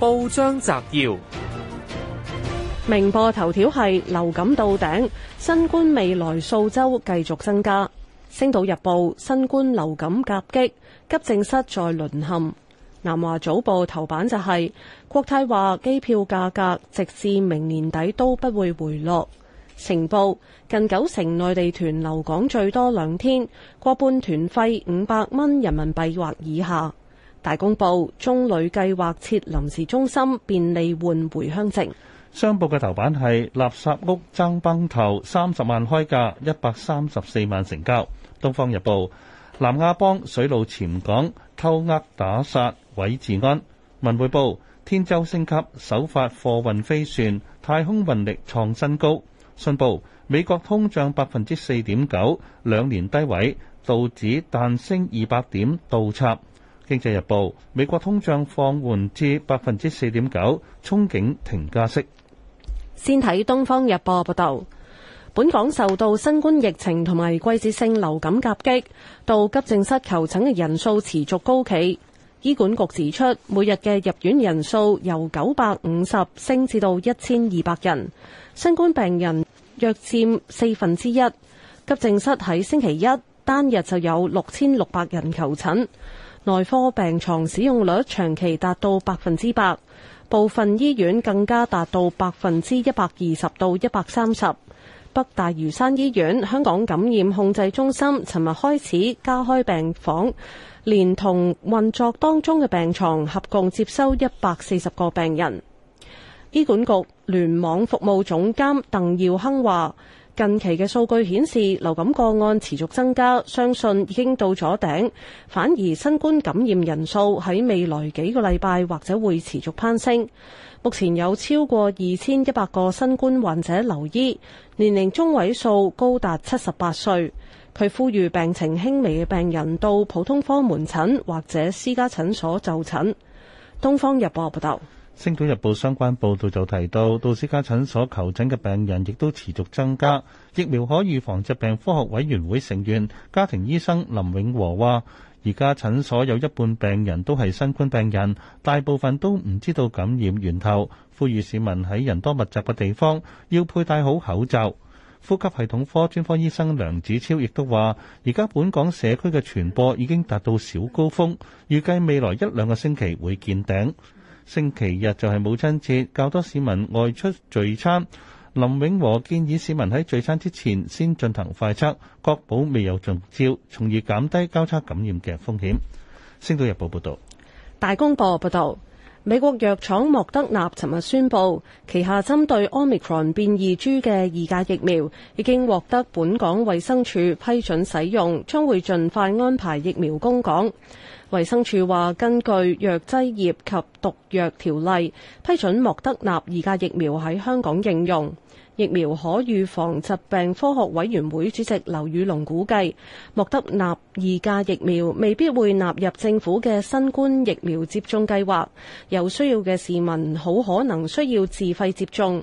報章摘要：明報頭條係流感到頂，新冠未來數周繼續增加。星島日報：新冠流感夾擊，急症室再淪陷。南華早報頭版就係、是、國泰話機票價格直至明年底都不會回落。成報近九成內地團留港最多兩天，過半團費五百蚊人民幣或以下。大公報中旅計劃設臨時中心，便利換回鄉證。商報嘅頭版係垃圾屋爭崩頭，三十萬開價，一百三十四萬成交。東方日報南亞幫水路潛港偷呃打殺毀治安。文匯報天舟升級首發貨運飛船，太空運力創新高。信報美國通脹百分之四點九，兩年低位，道指彈升二百點，倒插。經濟日報：美國通脹放緩至百分之四點九，憧憬停加息。先睇東方日報報道，本港受到新冠疫情同埋季節性流感夾擊，到急症室求診嘅人數持續高企。醫管局指出，每日嘅入院人數由九百五十升至到一千二百人，新冠病人約佔四分之一。急症室喺星期一單日就有六千六百人求診。內科病床使用率長期達到百分之百，部分醫院更加達到百分之一百二十到一百三十。北大嶼山醫院香港感染控制中心尋日開始加開病房，連同運作當中嘅病床，合共接收一百四十個病人。醫管局聯網服務總監鄧耀鏗話。近期嘅數據顯示流感個案持續增加，相信已經到咗頂。反而新冠感染人數喺未來幾個禮拜或者會持續攀升。目前有超過二千一百個新冠患者留醫，年齡中位數高達七十八歲。佢呼籲病情輕微嘅病人到普通科門診或者私家診所就診。《東方日報》報道。《星島日報》相關報導就提到，到私家診所求診嘅病人亦都持續增加。疫苗可預防疾病科學委員會成員、家庭醫生林永和話，而家診所有一半病人都係新冠病人，大部分都唔知道感染源頭。呼籲市民喺人多密集嘅地方要佩戴好口罩。呼吸系統科專科醫生梁子超亦都話，而家本港社區嘅傳播已經達到小高峰，預計未來一兩個星期會見頂。星期日就係母親節，較多市民外出聚餐。林永和建議市民喺聚餐之前先進行快測，確保未有中招，從而減低交叉感染嘅風險。星島日報報道：「大公報報道，美國藥廠莫德納尋日宣布，旗下針對 Omicron 變異株嘅二價疫苗已經獲得本港衛生署批准使用，將會盡快安排疫苗供港。衛生署話，根據《藥劑業及毒藥條例》，批准莫德納二價疫苗喺香港應用。疫苗可預防疾病科學委員會主席劉宇龍估計，莫德納二價疫苗未必會納入政府嘅新冠疫苗接種計劃，有需要嘅市民好可能需要自費接種。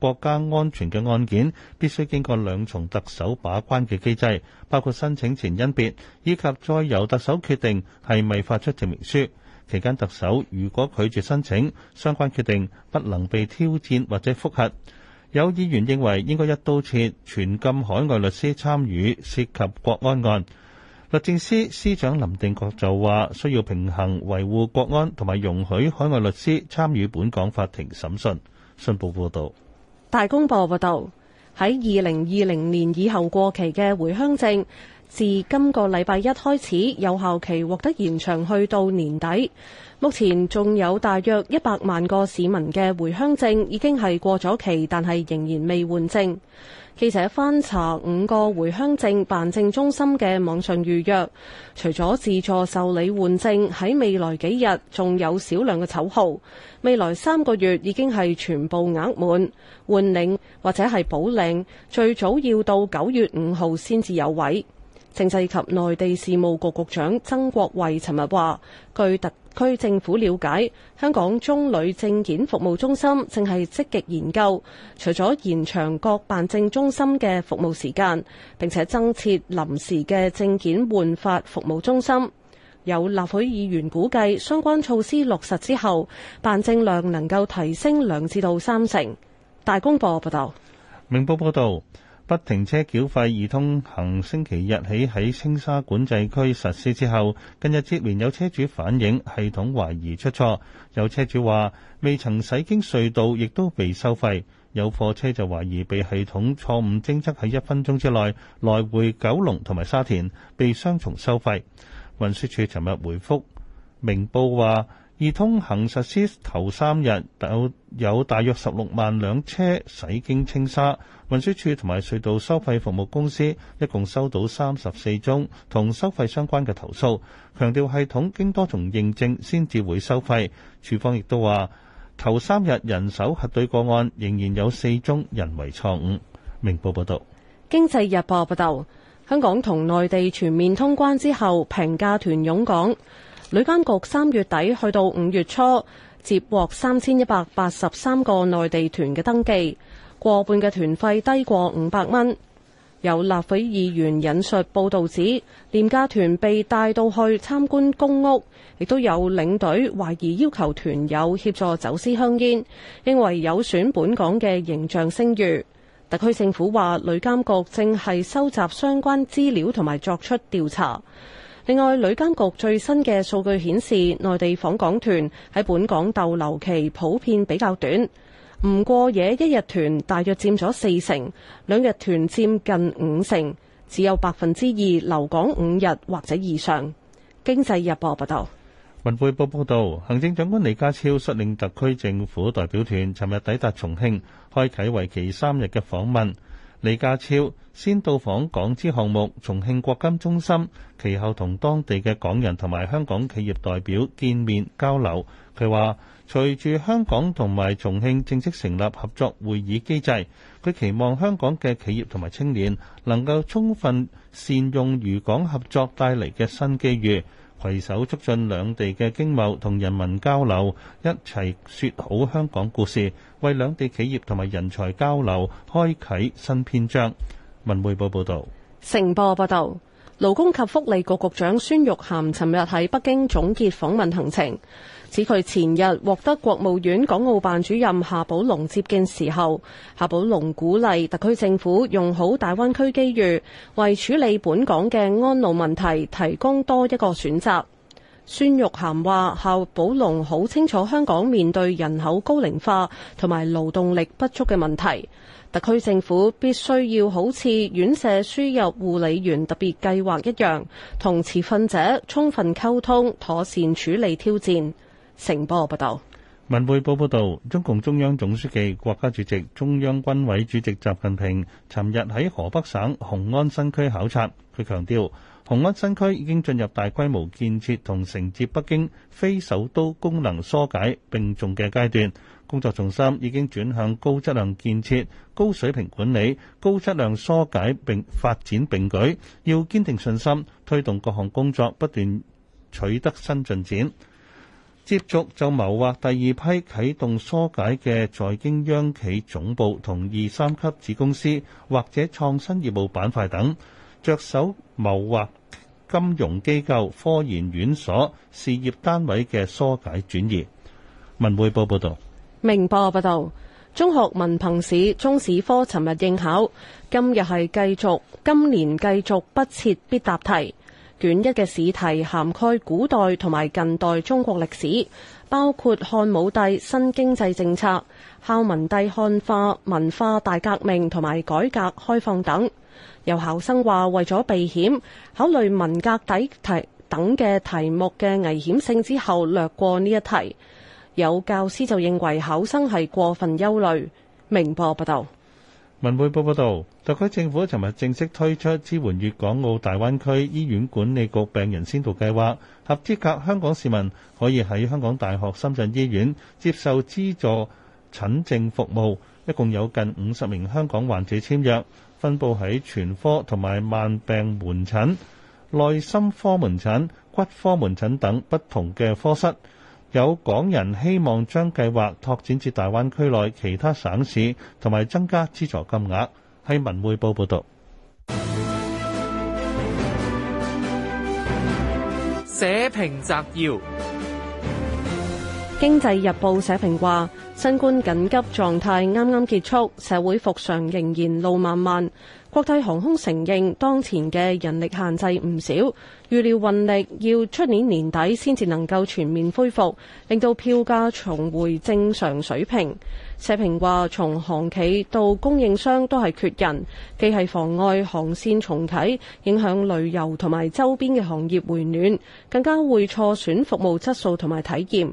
國家安全嘅案件必須經過兩重特首把關嘅機制，包括申請前甄別，以及再由特首決定係咪發出證明書。期間，特首如果拒絕申請，相關決定不能被挑戰或者覆核。有議員認為應該一刀切，全禁海外律師參與涉及國安案。律政司司長林定國就話：需要平衡維護國安同埋容許海外律師參與本港法庭審訊。信報報導。大公報報道，喺二零二零年以後過期嘅回鄉證，自今個禮拜一開始，有效期獲得延長，去到年底。目前仲有大約一百萬個市民嘅回鄉證已經係過咗期，但係仍然未換證。記者翻查五個回鄉證辦證中心嘅網上預約，除咗自助受理換證，喺未來幾日仲有少量嘅籌號。未來三個月已經係全部額滿，換領或者係補領最早要到九月五號先至有位。政制及內地事務局局長曾國衛尋日話，據特區政府了解，香港中旅證件服務中心正係積極研究，除咗延長各辦證中心嘅服務時間，並且增設臨時嘅證件換發服務中心。有立法會議員估計，相關措施落實之後，辦證量能夠提升兩至到三成。大公報報道。明報報導。不停車繳費易通行星期日起喺青沙管制區實施之後，近日接連有車主反映系統懷疑出錯，有車主話未曾駛經隧道，亦都被收費，有貨車就懷疑被系統錯誤偵測，喺一分鐘之內來回九龍同埋沙田被雙重收費。運輸署尋日回覆明報話。而通行實施頭三日，有大約十六萬輛車駛經青沙，運輸署同埋隧道收費服務公司，一共收到三十四宗同收費相關嘅投訴。強調系統經多重認證先至會收費。處方亦都話，頭三日人手核對個案，仍然有四宗人為錯誤。明報報道。《經濟日報》報道。香港同內地全面通關之後，平價團湧港，旅監局三月底去到五月初，接獲三千一百八十三個內地團嘅登記，過半嘅團費低過五百蚊。有立法議員引述報導指，廉價團被帶到去參觀公屋，亦都有領隊懷疑要求團友協助走私香煙，認為有損本港嘅形象聲譽。特區政府話，旅監局正係收集相關資料同埋作出調查。另外，旅監局最新嘅數據顯示，內地訪港團喺本港逗留期普遍比較短，唔過夜一日團大約佔咗四成，兩日團佔近五成，只有百分之二留港五日或者以上。經濟日報報道。文匯報報道，行政長官李家超率領特區政府代表團尋日抵達重慶，開啟為期三日嘅訪問。李家超先到訪港資項目重慶國金中心，其後同當地嘅港人同埋香港企業代表見面交流。佢話：隨住香港同埋重慶正式成立合作會議機制，佢期望香港嘅企業同埋青年能夠充分善用渝港合作帶嚟嘅新機遇。攜手促進兩地嘅經貿同人民交流，一齊說好香港故事，為兩地企業同埋人才交流開啟新篇章。文匯報報道，成報報道。勞工及福利局局長孫玉菡尋日喺北京總結訪問行程，指佢前日獲得國務院港澳辦主任夏寶龍接見時候，夏寶龍鼓勵特區政府用好大灣區機遇，為處理本港嘅安老問題提供多一個選擇。孫玉菡話：侯保龍好清楚香港面對人口高齡化同埋勞動力不足嘅問題，特區政府必須要好似院舍輸入護理員特別計劃一樣，同持份者充分溝通，妥善處理挑戰。成波報道。文匯報報道，中共中央總書記、國家主席、中央軍委主席習近平尋日喺河北省雄安新區考察，佢強調，雄安新區已經進入大規模建設同承接北京非首都功能疏解並重嘅階段，工作重心已經轉向高質量建設、高水平管理、高質量疏解並發展並舉。要堅定信心，推動各項工作不斷取得新進展。接續就謀劃第二批啟動疏解嘅在京央企總部同二三級子公司或者創新業務板塊等，着手謀劃。金融機構、科研院所、事業單位嘅疏解轉移。文匯報報道，明報報道，中學文憑試中史科尋日應考，今日係繼續，今年繼續不設必答題。卷一嘅試題涵蓋古代同埋近代中國歷史，包括漢武帝新經濟政策、孝文帝漢化、文化大革命同埋改革開放等。有考生話為咗避險，考慮文革底題，題等嘅題目嘅危險性之後，略過呢一題。有教師就認為考生係過分憂慮。明報報道，文匯報報道，特區政府尋日正式推出支援粵港澳大灣區醫院管理局病人先導計劃，合資格香港市民可以喺香港大學深圳醫院接受資助診症服務。一共有近五十名香港患者簽約，分佈喺全科同埋慢病門診、內心科門診、骨科門診等不同嘅科室。有港人希望將計劃拓展至大灣區內其他省市，同埋增加資助金額。係文匯報報道。社評摘要。《經濟日報》社評話：新冠緊急狀態啱啱結束，社會復常仍然路漫漫。國泰航空承認，當前嘅人力限制唔少，預料運力要出年年底先至能夠全面恢復，令到票價重回正常水平。社評話：從航企到供應商都係缺人，既係妨礙航線重啟，影響旅遊同埋周邊嘅行業回暖，更加會挫損服務質素同埋體驗。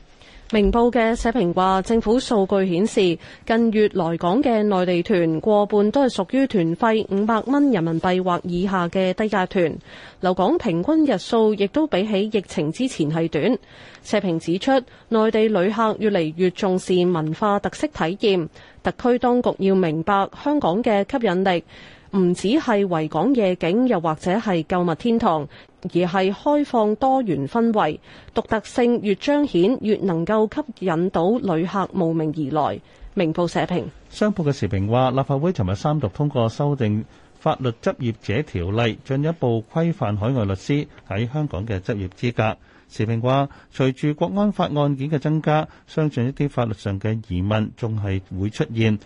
明報嘅社評話，政府數據顯示，近月來港嘅內地團過半都係屬於團費五百蚊人民幣或以下嘅低價團，留港平均日數亦都比起疫情之前係短。社評指出，內地旅客越嚟越重視文化特色體驗，特區當局要明白香港嘅吸引力。唔止係維港夜景，又或者係購物天堂，而係開放多元氛圍、獨特性越彰顯，越能夠吸引到旅客慕名而來。明報社評。商報嘅時評話，立法會尋日三讀通過修訂法律執業者條例，進一步規範海外律師喺香港嘅執業資格。時評話，隨住國安法案件嘅增加，相信一啲法律上嘅疑問仲係會出現。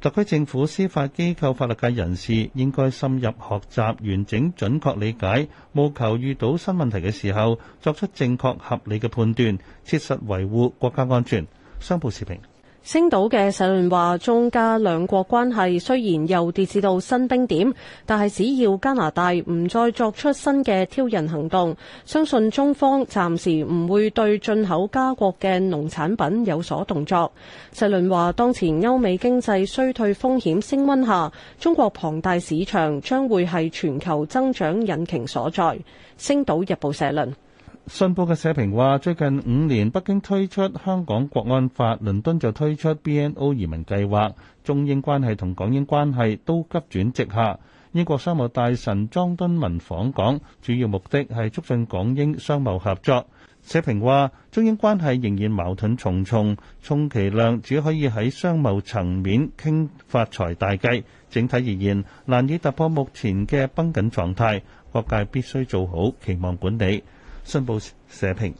特區政府、司法機構、法律界人士應該深入學習，完整準確理解，務求遇到新問題嘅時候作出正確合理嘅判斷，切實維護國家安全。商報時評。星島嘅社論話，中加兩國關係雖然又跌至到新冰點，但係只要加拿大唔再作出新嘅挑釁行動，相信中方暫時唔會對進口加國嘅農產品有所動作。社論話，當前歐美經濟衰退風險升溫下，中國龐大市場將會係全球增長引擎所在。星島日報社論。信報嘅社評話：最近五年，北京推出香港國安法，倫敦就推出 BNO 移民計劃，中英關係同港英關係都急轉直下。英國商務大臣莊敦文訪港，主要目的係促進港英商貿合作。社評話：中英關係仍然矛盾重重，充其量只可以喺商貿層面傾發財大計。整體而言，難以突破目前嘅繃緊狀態。各界必須做好期望管理。信報社評。